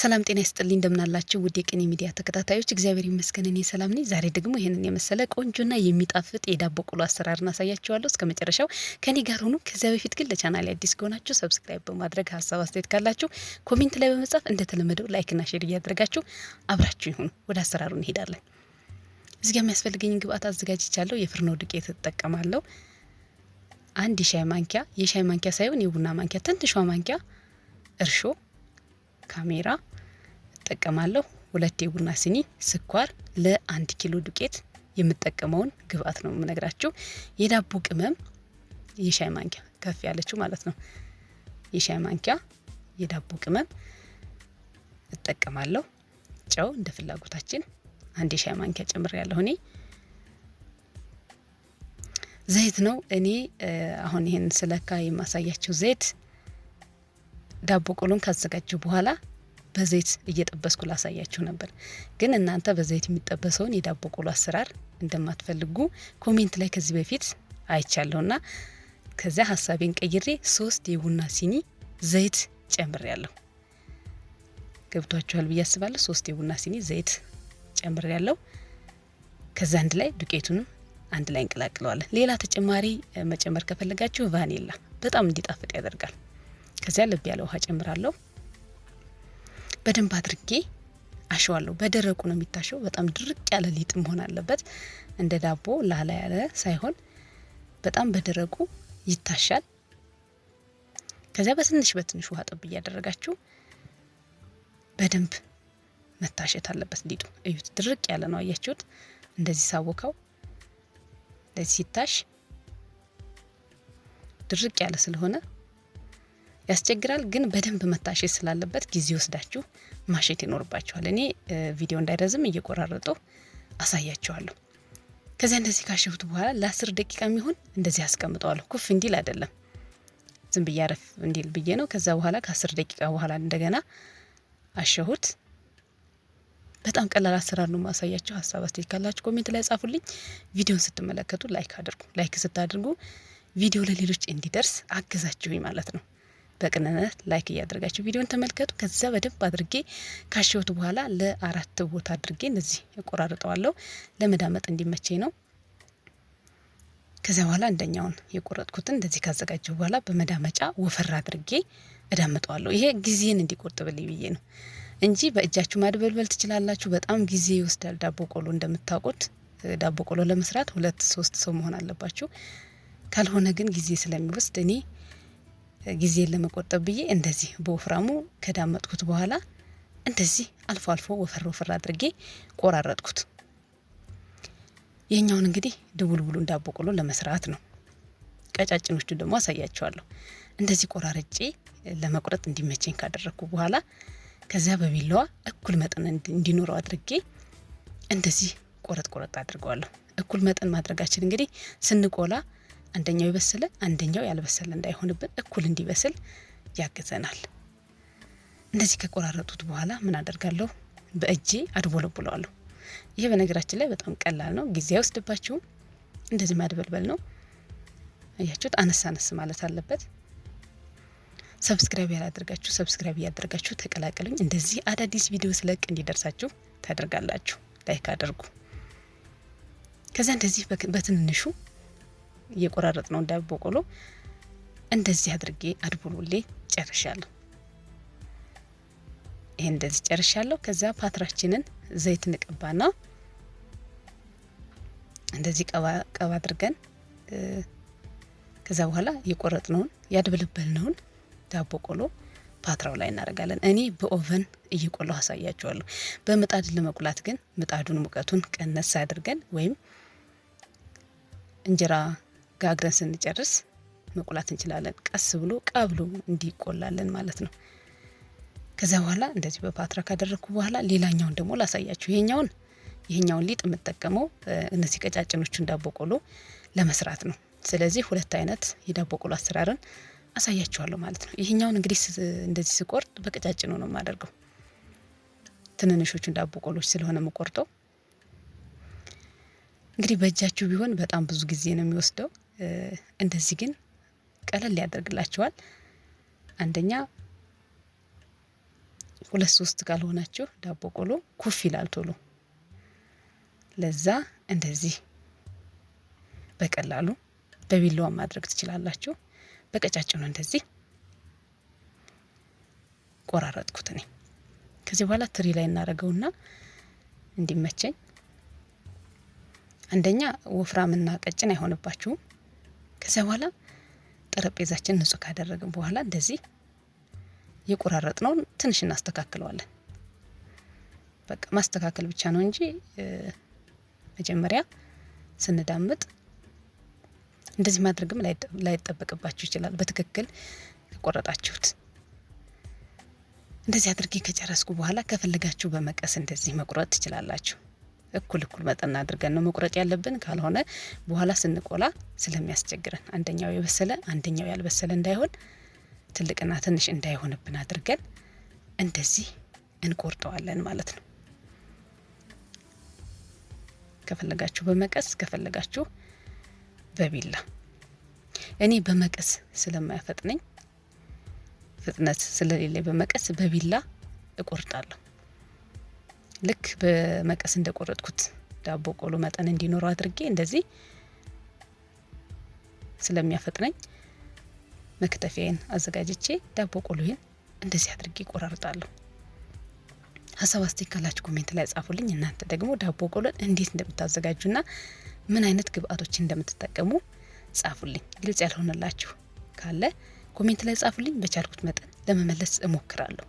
ሰላም ጤና ይስጥልኝ እንደምናላችሁ ውድ የቅኔ ሚዲያ ተከታታዮች፣ እግዚአብሔር ይመስገን እኔ ሰላም ነኝ። ዛሬ ደግሞ ይህንን የመሰለ ቆንጆና የሚጣፍጥ የዳቦ ቆሎ አሰራር አሳያችኋለሁ። እስከ መጨረሻው ከኔ ጋር ሆኑ። ከዚያ በፊት ግን ለቻናል አዲስ ከሆናችሁ ሰብስክራይብ በማድረግ ሀሳብ አስተያየት ካላችሁ ኮሜንት ላይ በመጻፍ እንደተለመደው ላይክና ሼር እያደረጋችሁ አብራችሁ ይሁኑ። ወደ አሰራሩ እንሄዳለን። እዚጋ ጋር የሚያስፈልገኝ ግብአት አዘጋጅቻለሁ። የፍርኖ ዱቄት እጠቀማለሁ። አንድ የሻይ ማንኪያ የሻይ ማንኪያ ሳይሆን የቡና ማንኪያ፣ ትንሿ ማንኪያ እርሾ ካሜራ እጠቀማለሁ። ሁለት የቡና ስኒ ስኳር ለአንድ ኪሎ ዱቄት የምጠቀመውን ግብአት ነው የምነግራችሁ። የዳቦ ቅመም የሻይ ማንኪያ ከፍ ያለችው ማለት ነው። የሻይ ማንኪያ የዳቦ ቅመም እጠቀማለሁ። ጨው እንደ ፍላጎታችን አንድ የሻይ ማንኪያ ጨምር ያለሁ እኔ። ዘይት ነው እኔ አሁን ይህን ስለካ የማሳያቸው ዘይት ዳቦ ቆሎን ካዘጋጀው በኋላ በዘይት እየጠበስኩ ላሳያችሁ ነበር፣ ግን እናንተ በዘይት የሚጠበሰውን የዳቦ ቆሎ አሰራር እንደማትፈልጉ ኮሜንት ላይ ከዚህ በፊት አይቻለሁና ከዚያ ሀሳቤን ቀይሬ ሶስት የቡና ሲኒ ዘይት ጨምሬ ያለሁ ገብቷችኋል ብዬ አስባለሁ። ሶስት የቡና ሲኒ ዘይት ጨምር ያለው ከዚ አንድ ላይ ዱቄቱንም አንድ ላይ እንቀላቅለዋለን። ሌላ ተጨማሪ መጨመር ከፈለጋችሁ ቫኒላ በጣም እንዲጣፍጥ ያደርጋል። ከዚያ ልብ ያለ ውሃ ጨምራለሁ። በደንብ አድርጌ አሸዋለሁ። በደረቁ ነው የሚታሸው። በጣም ድርቅ ያለ ሊጥ መሆን አለበት። እንደ ዳቦ ላላ ያለ ሳይሆን በጣም በደረቁ ይታሻል። ከዚያ በትንሽ በትንሽ ውሃ ጠብ እያደረጋችሁ በደንብ መታሸት አለበት ሊጡ። እዩት፣ ድርቅ ያለ ነው። አያችሁት? እንደዚህ ሳወከው እንደዚህ ሲታሽ ድርቅ ያለ ስለሆነ ያስቸግራል። ግን በደንብ መታሸት ስላለበት ጊዜ ወስዳችሁ ማሸት ይኖርባችኋል። እኔ ቪዲዮ እንዳይረዝም እየቆራረጠው አሳያችኋለሁ። ከዚያ እንደዚህ ካሸሁት በኋላ ለአስር ደቂቃ የሚሆን እንደዚህ አስቀምጠዋለሁ። ኩፍ እንዲል አይደለም፣ ዝም ብዬ አረፍ እንዲል ብዬ ነው። ከዛ በኋላ ከአስር ደቂቃ በኋላ እንደገና አሸሁት። በጣም ቀላል አሰራር ነው ማሳያቸው። ሀሳብ አስተያየት ካላችሁ ኮሜንት ላይ ጻፉልኝ። ቪዲዮን ስትመለከቱ ላይክ አድርጉ። ላይክ ስታድርጉ ቪዲዮ ለሌሎች እንዲደርስ አግዛችሁኝ ማለት ነው። በቅንነት ላይክ እያደረጋችሁ ቪዲዮን ተመልከቱ። ከዛ በደንብ አድርጌ ካሸሁት በኋላ ለአራት ቦታ አድርጌ እንደዚህ እቆራርጠዋለሁ። ለመዳመጥ እንዲመቼ ነው። ከዚያ በኋላ አንደኛውን የቆረጥኩትን እንደዚህ ካዘጋጀሁ በኋላ በመዳመጫ ወፈር አድርጌ እዳምጠዋለሁ። ይሄ ጊዜን እንዲቆጥብልኝ ብዬ ነው እንጂ በእጃችሁ ማድበልበል ትችላላችሁ። በጣም ጊዜ ይወስዳል። ዳቦ ቆሎ እንደምታውቁት ዳቦ ቆሎ ለመስራት ሁለት ሶስት ሰው መሆን አለባችሁ። ካልሆነ ግን ጊዜ ስለሚወስድ እኔ ጊዜን ለመቆጠብ ብዬ እንደዚህ በወፍራሙ ከዳመጥኩት በኋላ እንደዚህ አልፎ አልፎ ወፈር ወፈር አድርጌ ቆራረጥኩት። የኛውን እንግዲህ ድቡልቡሉ ዳቦ ለመስራት ነው። ቀጫጭኖቹን ደግሞ አሳያቸዋለሁ። እንደዚህ ቆራረጬ ለመቁረጥ እንዲመቸኝ ካደረግኩ በኋላ ከዚያ በቢላዋ እኩል መጠን እንዲኖረው አድርጌ እንደዚህ ቆረጥ ቆረጥ አድርገዋለሁ። እኩል መጠን ማድረጋችን እንግዲህ ስንቆላ አንደኛው የበሰለ አንደኛው ያልበሰለ እንዳይሆንብን እኩል እንዲበስል ያግዘናል። እንደዚህ ከቆራረጡት በኋላ ምን አደርጋለሁ? በእጄ አድቦለቡለዋለሁ። ይሄ በነገራችን ላይ በጣም ቀላል ነው፣ ጊዜ አይወስድባችሁም። እንደዚህ ማድበልበል ነው። እያችሁት አነስ አነስ ማለት አለበት። ሰብስክራይብ ያላደርጋችሁ ሰብስክራይብ እያደረጋችሁ ተቀላቀሉኝ። እንደዚህ አዳዲስ ቪዲዮ ስለቅ እንዲደርሳችሁ ታደርጋላችሁ። ላይክ አድርጉ። ከዚያ እንደዚህ በትንንሹ እየቆራረጥ ነው እንደ በቆሎ እንደዚህ አድርጌ አድቡልቡሌ ጨርሻለሁ። ይሄ እንደዚህ ጨርሻለሁ። ከዛ ፓትራችንን ዘይት ንቀባና እንደዚህ ቀባ ቀባ አድርገን ከዛ በኋላ የቆረጥነውን ያድበለበልነውን ዳቦ ቆሎ ፓትራው ላይ እናደርጋለን። እኔ በኦቨን እየቆላሁ አሳያችኋለሁ። በምጣድ ለመቁላት ግን ምጣዱን ሙቀቱን ቀነስ አድርገን ወይም እንጀራ ጋግረን ስንጨርስ መቁላት እንችላለን። ቀስ ብሎ ቀብሎ እንዲቆላለን ማለት ነው። ከዚያ በኋላ እንደዚህ በፓትራ ካደረግኩ በኋላ ሌላኛውን ደግሞ ላሳያችሁ። ይሄኛውን ይሄኛውን ሊጥ የምጠቀመው እነዚህ ቀጫጭኖቹን ዳቦ ቆሎ ለመስራት ነው። ስለዚህ ሁለት አይነት የዳቦ ቆሎ አሰራርን አሳያችኋለሁ ማለት ነው። ይሄኛውን እንግዲህ እንደዚህ ስቆርጥ በቀጫጭኑ ነው የማደርገው ትንንሾቹን ዳቦ ቆሎች ስለሆነ የምቆርጠው እንግዲህ በእጃችሁ ቢሆን በጣም ብዙ ጊዜ ነው የሚወስደው። እንደዚህ ግን ቀለል ያደርግላችኋል። አንደኛ ሁለት ሶስት ካልሆናችሁ ዳቦ ቆሎ ኩፍ ይላል ቶሎ። ለዛ እንደዚህ በቀላሉ በቢላዋ ማድረግ ትችላላችሁ። በቀጫጭኑ እንደዚህ ቆራረጥኩት እኔ። ከዚህ በኋላ ትሪ ላይ እናደርገውና እንዲመቸኝ አንደኛ ወፍራምና ቀጭን አይሆንባችሁም። ከዚያ በኋላ ጠረጴዛችን ንጹህ ካደረግን በኋላ እንደዚህ የቆራረጥ ነው ትንሽ እናስተካክለዋለን። በቃ ማስተካከል ብቻ ነው እንጂ መጀመሪያ ስንዳምጥ እንደዚህ ማድረግም ላይጠበቅባችሁ ይችላል። በትክክል ከቆረጣችሁት እንደዚህ አድርጌ ከጨረስኩ በኋላ ከፈለጋችሁ በመቀስ እንደዚህ መቁረጥ ትችላላችሁ። እኩል እኩል መጠን አድርገን ነው መቁረጥ ያለብን። ካልሆነ በኋላ ስንቆላ ስለሚያስቸግረን አንደኛው የበሰለ አንደኛው ያልበሰለ እንዳይሆን ትልቅና ትንሽ እንዳይሆንብን አድርገን እንደዚህ እንቆርጠዋለን ማለት ነው። ከፈለጋችሁ በመቀስ ከፈለጋችሁ በቢላ እኔ በመቀስ ስለማያፈጥነኝ ፍጥነት ስለሌለ በመቀስ በቢላ እቆርጣለሁ። ልክ በመቀስ እንደቆረጥኩት ዳቦ ቆሎ መጠን እንዲኖረው አድርጌ እንደዚህ ስለሚያፈጥነኝ መክተፊያን አዘጋጅቼ ዳቦ ቆሎዬን እንደዚህ አድርጌ ይቆራርጣለሁ። ሀሳብ አስተያየት ካላችሁ ኮሜንት ላይ ጻፉልኝ። እናንተ ደግሞ ዳቦ ቆሎን እንዴት እንደምታዘጋጁና ምን አይነት ግብአቶችን እንደምትጠቀሙ ጻፉልኝ። ግልጽ ያልሆነላችሁ ካለ ኮሜንት ላይ ጻፉልኝ። በቻልኩት መጠን ለመመለስ እሞክራለሁ።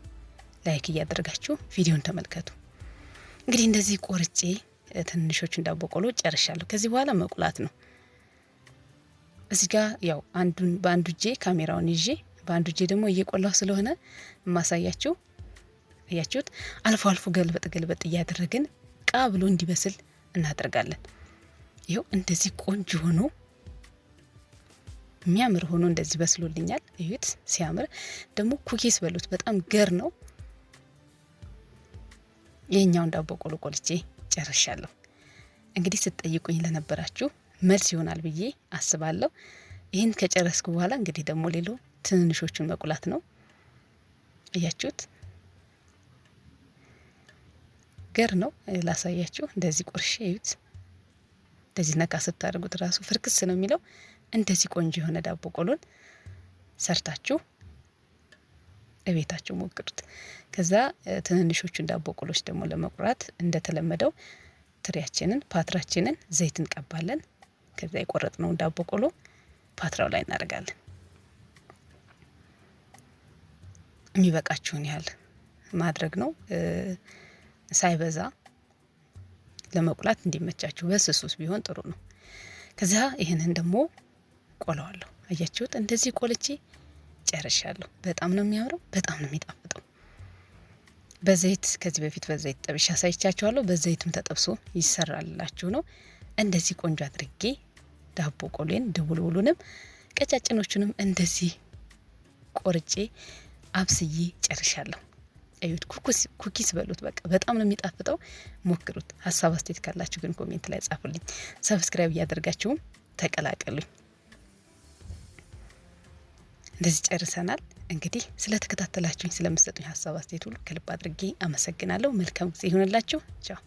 ላይክ እያደረጋችሁ ቪዲዮን ተመልከቱ። እንግዲህ እንደዚህ ቆርጬ ትንሾቹን ዳቦ ቆሎ ጨርሻለሁ። ከዚህ በኋላ መቁላት ነው። እዚህ ጋ ያው አንዱን በአንዱ እጄ ካሜራውን ይዤ በአንዱ እጄ ደግሞ እየቆላው ስለሆነ የማሳያችሁ እያችሁት፣ አልፎ አልፎ ገልበጥ ገልበጥ እያደረግን ቃ ብሎ እንዲበስል እናደርጋለን። ይኸው እንደዚህ ቆንጆ ሆኖ የሚያምር ሆኖ እንደዚህ በስሎልኛል። እዩት ሲያምር። ደግሞ ኩኪስ በሉት በጣም ገር ነው። ይህኛውን ዳቦ ቆልቆልቼ ጨርሻለሁ። እንግዲህ ስትጠይቁኝ ለነበራችሁ መልስ ይሆናል ብዬ አስባለሁ። ይህን ከጨረስኩ በኋላ እንግዲህ ደግሞ ሌሎ ትንንሾቹን መቁላት ነው። እያችሁት ገር ነው ላሳያችሁ። እንደዚህ ቁርሽ እዩት። እንደዚህ ነካ ስታደርጉት ራሱ ፍርክስ ነው የሚለው። እንደዚህ ቆንጆ የሆነ ዳቦ ቆሎን ሰርታችሁ እቤታቸው ሞክሩት። ከዛ ትንንሾቹን ዳቦ ቆሎች ደግሞ ለመቁራት እንደተለመደው ትሪያችንን ፓትራችንን ዘይት እንቀባለን። ከዛ የቆረጥነውን ዳቦ ቆሎ ፓትራው ላይ እናደርጋለን። የሚበቃችሁን ያህል ማድረግ ነው፣ ሳይበዛ ለመቁላት እንዲመቻችሁ። በስሱስ ቢሆን ጥሩ ነው። ከዚያ ይህንን ደግሞ ቆለዋለሁ። አያችሁት? እንደዚህ ቆልቼ ጨርሻለሁ። በጣም ነው የሚያምረው፣ በጣም ነው የሚጣፍጠው። በዘይት ከዚህ በፊት በዘይት ጠብሻ አሳይቻችኋለሁ። በዘይትም ተጠብሶ ይሰራላችሁ ነው። እንደዚህ ቆንጆ አድርጌ ዳቦ ቆሎን ድቡልቡሉንም ቀጫጭኖቹንም እንደዚህ ቆርጬ አብስዬ ጨርሻለሁ። እዩት፣ ኩኪስ በሉት። በቃ በጣም ነው የሚጣፍጠው። ሞክሩት። ሀሳብ አስተያየት ካላችሁ ግን ኮሜንት ላይ ጻፉልኝ። ሰብስክራይብ እያደርጋችሁም ተቀላቀሉኝ። እንደዚህ ጨርሰናል። እንግዲህ ስለተከታተላችሁኝ ስለምሰጡኝ ሀሳብ አስተያየት ሁሉ ከልብ አድርጌ አመሰግናለሁ። መልካም ጊዜ ይሆንላችሁ። ቻው